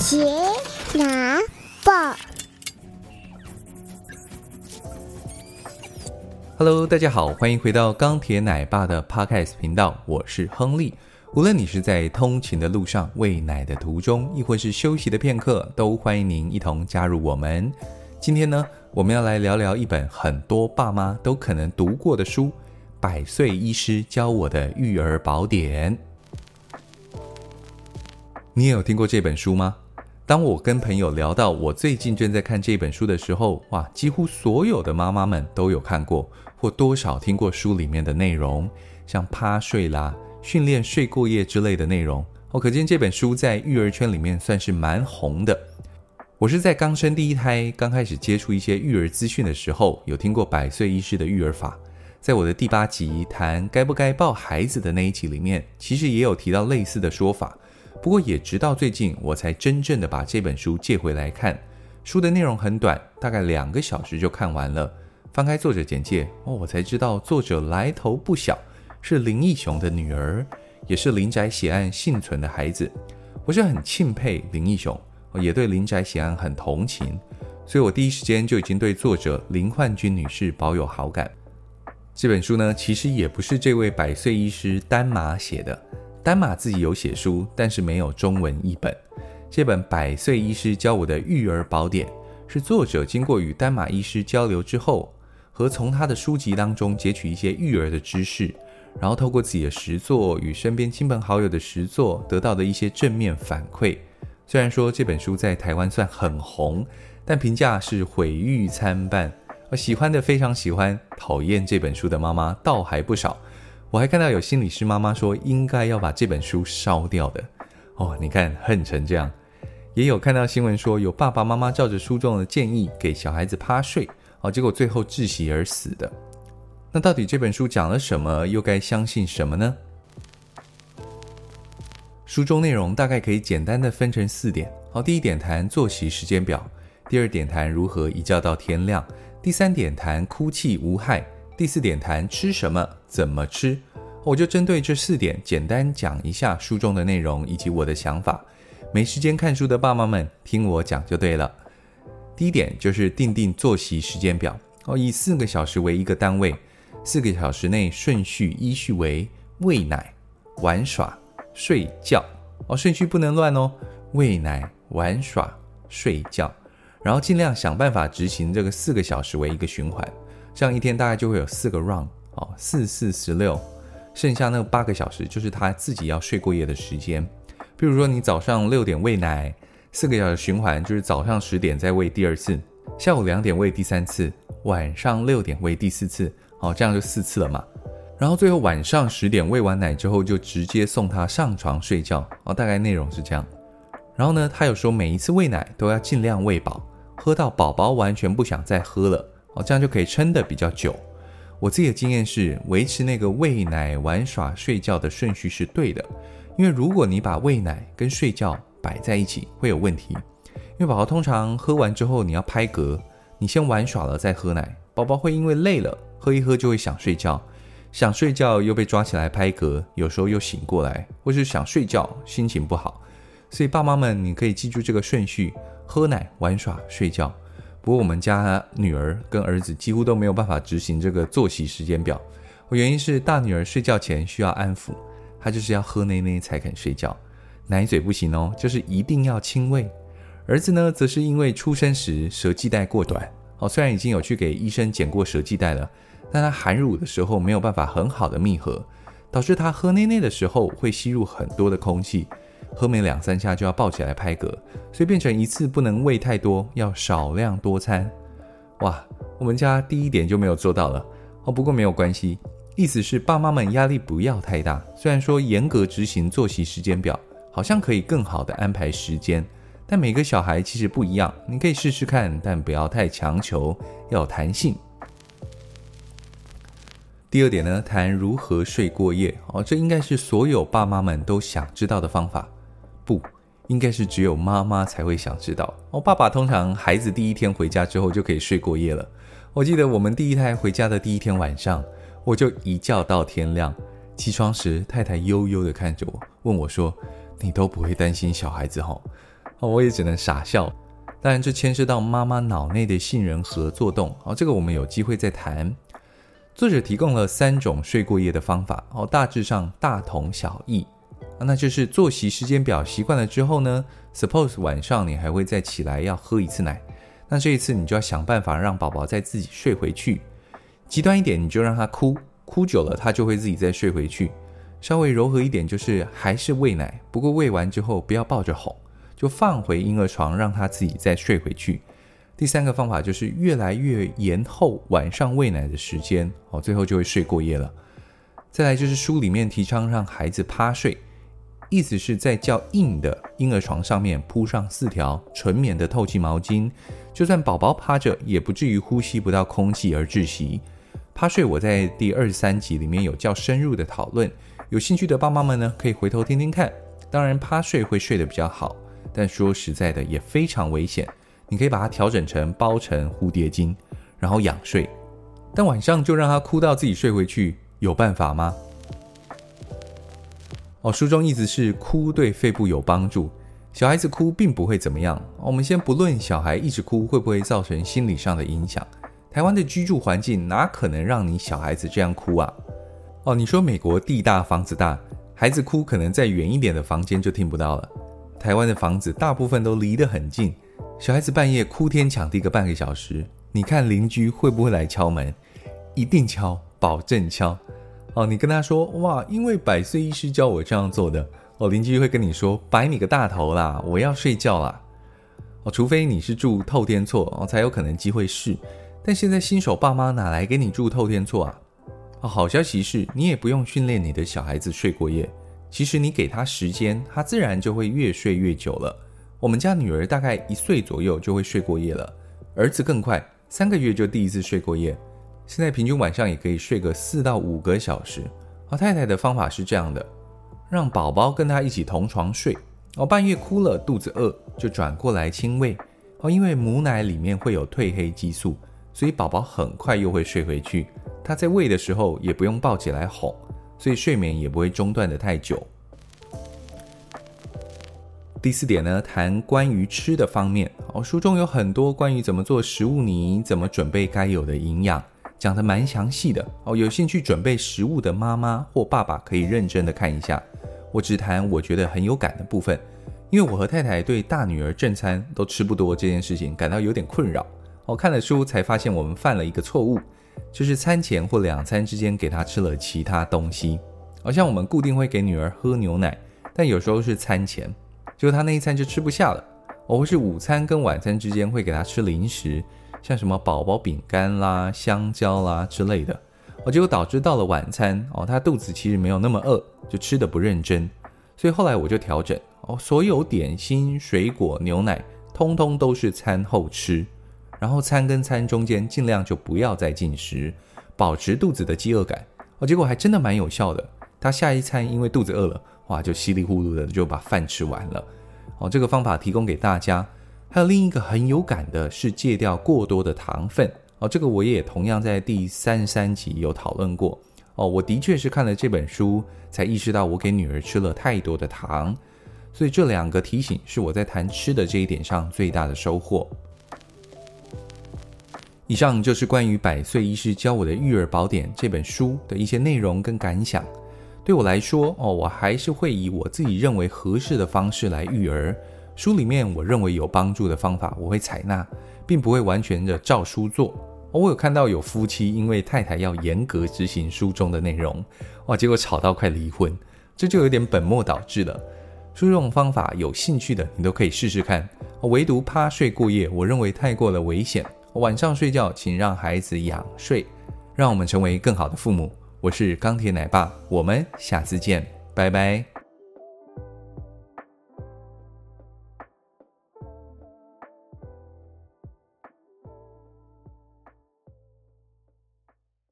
《杰拿報》，Hello，大家好，歡迎回到鋼鐵奶爸的 Podcast 頻道，我是亨利。無論你是在通勤的路上、餵奶的途中，亦或是休息的片刻，都歡迎您一同加入我們。今天呢，我們要來聊聊一本很多爸媽都可能讀過的書，《百歲醫師教我的育兒寶典》。你也有聽過這本書嗎？當我跟朋友聊到我最近正在看這本書的時候，哇，幾乎所有的媽媽們都有看過或多少聽過書裡面的內容，像趴睡啦、訓練睡過夜之類的內容。哦，可見這本書在育兒圈裡面算是蠻紅的。我是在剛生第一胎、剛開始接觸一些育兒資訊的時候，有聽過《百歲醫師的育兒法》。在我的第八集談該不該抱孩子的那一集裡面，其實也有提到類似的說法。不過，也直到最近，我才真正的把這本書借回來看。書的內容很短，大概兩個小時就看完了。翻開作者簡介，哦，我才知道作者來頭不小，是林義雄的女兒，也是林宅血案幸存的孩子。我是很欽佩林義雄，也對林宅血案很同情，所以我第一時間就已經對作者林奐均女士保有好感。這本書呢，其實也不是這位百歲醫師丹瑪寫的。丹馬自己有寫書，但是沒有中文譯本。這本《百歲醫師教我的育兒寶典》是作者經過與丹馬醫師交流之後，和從他的書籍當中截取一些育兒的知識，然後透過自己的實作與身邊親朋好友的實作得到的一些正面反饋。雖然說這本書在台灣算很紅，但評價是毀譽參半。而喜歡的非常喜歡，討厭這本書的媽媽倒還不少。我還看到有心理師媽媽說應該要把這本書燒掉的，哦，你看恨成這樣。也有看到新聞說有爸爸媽媽照着書中的建議給小孩子趴睡，哦，結果最後窒息而死的。那到底這本書講了什麼？又該相信什麼呢？書中內容大概可以簡單的分成四點。好，第一點談作息時間表，第二點談如何一覺到天亮，第三點談哭泣無害。第四點談吃什麼，怎麼吃。我就針對這四點簡單講一下書中的內容以及我的想法。沒時間看書的爸媽們聽我講就對了。第一點就是訂定作息時間表哦，以四個小時為一個單位，四個小時內順序依序為餵奶、玩耍、睡覺哦，順序不能亂哦，餵奶、玩耍、睡覺，然後盡量想辦法執行這個四個小時為一個循環。這樣一天大概就會有四個 round 哦，四四十六，剩下那八個小時就是他自己要睡過夜的時間。比如說你早上六點餵奶，四個小時循環就是早上十點再餵第二次，下午兩點餵第三次，晚上六點餵第四次，哦，這樣就四次了嘛。然後最後晚上十點餵完奶之後，就直接送他上床睡覺哦，大概內容是這樣。然後呢，他有說每一次餵奶都要盡量餵飽，喝到寶寶完全不想再喝了。好，這樣就可以撐得比較久。我自己的經驗是，維持那個餵奶、玩耍、睡覺的順序是對的。因為如果你把餵奶跟睡覺擺在一起，會有問題。因為寶寶通常喝完之後你要拍嗝，你先玩耍了再喝奶，寶寶會因為累了，喝一喝就會想睡覺。想睡覺又被抓起來拍嗝，有時候又醒過來，或是想睡覺心情不好。所以爸媽們，你可以記住這個順序：喝奶、玩耍、睡覺。不過我們家女兒跟兒子幾乎都沒有辦法執行這個作息時間表，原因是大女兒睡覺前需要安撫，她就是要喝奶奶才肯睡覺，奶嘴不行哦，就是一定要親餵。兒子呢，則是因為出生時舌繫帶過短，好、哦、雖然已經有去給醫生剪過舌繫帶了，但他含乳的時候沒有辦法很好的密合，導致他喝奶奶的時候會吸入很多的空氣。喝沒兩三下就要抱起來拍嗝，所以變成一次不能餵太多，要少量多餐。哇，我們家第一點就沒有做到了哦。不過沒有關係，意思是爸媽們壓力不要太大。雖然說嚴格執行作息時間表好像可以更好的安排時間，但每個小孩其實不一樣，你可以試試看，但不要太強求，要彈性。第二點呢，談如何睡過夜哦，這應該是所有爸媽們都想知道的方法。不，應該是只有媽媽才會想知道哦。爸爸通常孩子第一天回家之後就可以睡過夜了。我記得我們第一胎回家的第一天晚上，我就一覺到天亮。起床時，太太幽幽的看着我，問我說：“你都不會擔心小孩子哦？”哦，我也只能傻笑。當然，這牽涉到媽媽腦內的杏仁核作動。哦，這個我們有機會再談。作者提供了三種睡過夜的方法，哦，大致上大同小異。那就是作息時間表習慣了之後呢，suppose 晚上你還會再起來要喝一次奶，那這一次你就要想辦法讓寶寶再自己睡回去。極端一點，你就讓他哭，哭久了他就會自己再睡回去。稍微柔和一點，就是還是餵奶，不過餵完之後不要抱着哄，就放回嬰兒床讓他自己再睡回去。第三個方法就是越來越延後晚上餵奶的時間哦，最後就會睡過夜了。再來就是書裡面提倡讓孩子趴睡。意思是，在較硬的嬰兒床上面鋪上四條純棉的透氣毛巾，就算寶寶趴着，也不至於呼吸不到空氣而窒息。趴睡我在第二十三集裡面有較深入的討論，有興趣的爸媽們呢，可以回頭聽聽看。當然趴睡會睡得比較好，但說實在的也非常危險。你可以把它調整成包成蝴蝶巾，然後仰睡，但晚上就讓他哭到自己睡回去，有辦法嗎？哦，書中意思是哭對肺部有幫助，小孩子哭並不會怎麼樣。我們先不論小孩一直哭會不會造成心理上的影響，台灣的居住環境哪可能讓你小孩子這樣哭啊？哦，你說美國地大房子大，孩子哭可能在遠一點的房間就聽不到了。台灣的房子大部分都離得很近，小孩子半夜哭天搶地個半個小時，你看鄰居會不會來敲門？一定敲，保證敲。哦，你跟他說哇，因為百歲醫師教我這樣做的。哦，鄰居會跟你說，擺你個大頭啦，我要睡覺啦。哦，除非你是住透天厝哦，才有可能機會試。但現在新手爸媽哪來給你住透天厝啊？哦，好消息是，你也不用訓練你的小孩子睡過夜。其實你給他時間，他自然就會越睡越久了。我們家女兒大概一歲左右就會睡過夜了，兒子更快，三個月就第一次睡過夜。現在平均晚上也可以睡個四到五個小時。而，哦，太太的方法是這樣的：讓寶寶跟他一起同床睡。哦，半夜哭了，肚子餓，就轉過來親餵。哦，因為母奶裡面會有褪黑激素，所以寶寶很快又會睡回去。他在餵的時候也不用抱起來哄，所以睡眠也不會中斷的太久。第四點呢，談關於吃的方面。哦，書中有很多關於怎麼做食物泥、怎麼準備該有的營養。講得蠻詳細的哦，有興趣準備食物的媽媽或爸爸可以認真的看一下。我只談我覺得很有感的部分，因為我和太太對大女兒正餐都吃不多這件事情感到有點困擾。我看了書才發現我們犯了一個錯誤，就是餐前或兩餐之間給她吃了其他東西。好像我們固定會給女兒喝牛奶，但有時候是餐前，就她那一餐就吃不下了。或是午餐跟晚餐之間會給她吃零食。像什麼寶寶餅、餅乾啦、香蕉啦之類的，哦，結果導致到了晚餐哦，他肚子其實沒有那麼餓，就吃得不認真。所以後來我就調整哦，所有點心、水果、牛奶，通通都是餐後吃，然後餐跟餐中間盡量就不要再進食，保持肚子的飢餓感。哦，結果還真的蠻有效的。他下一餐因為肚子餓了，哇，就稀里糊塗的就把飯吃完了。哦，這個方法提供給大家。還有另一個很有感的是戒掉過多的糖分哦，這個我也同樣在第三十三集有討論過哦。我的確是看了這本書才意識到我給女兒吃了太多的糖，所以這兩個提醒是我在談吃的這一點上最大的收穫。以上就是關於《百歲醫師教我的育兒寶典》這本書的一些內容跟感想。對我來說哦，我還是會以我自己認為合適的方式來育兒。書裡面我認為有幫助的方法，我會採納，並不會完全的照書做。我有看到有夫妻因為太太要嚴格執行書中的內容，哇，結果吵到快離婚，這就有點本末倒置了。書中方法有興趣的你都可以試試看，唯獨趴睡過夜，我認為太過了危險。晚上睡覺請讓孩子仰睡，讓我們成為更好的父母。我是鋼鐵奶爸，我們下次見，拜拜。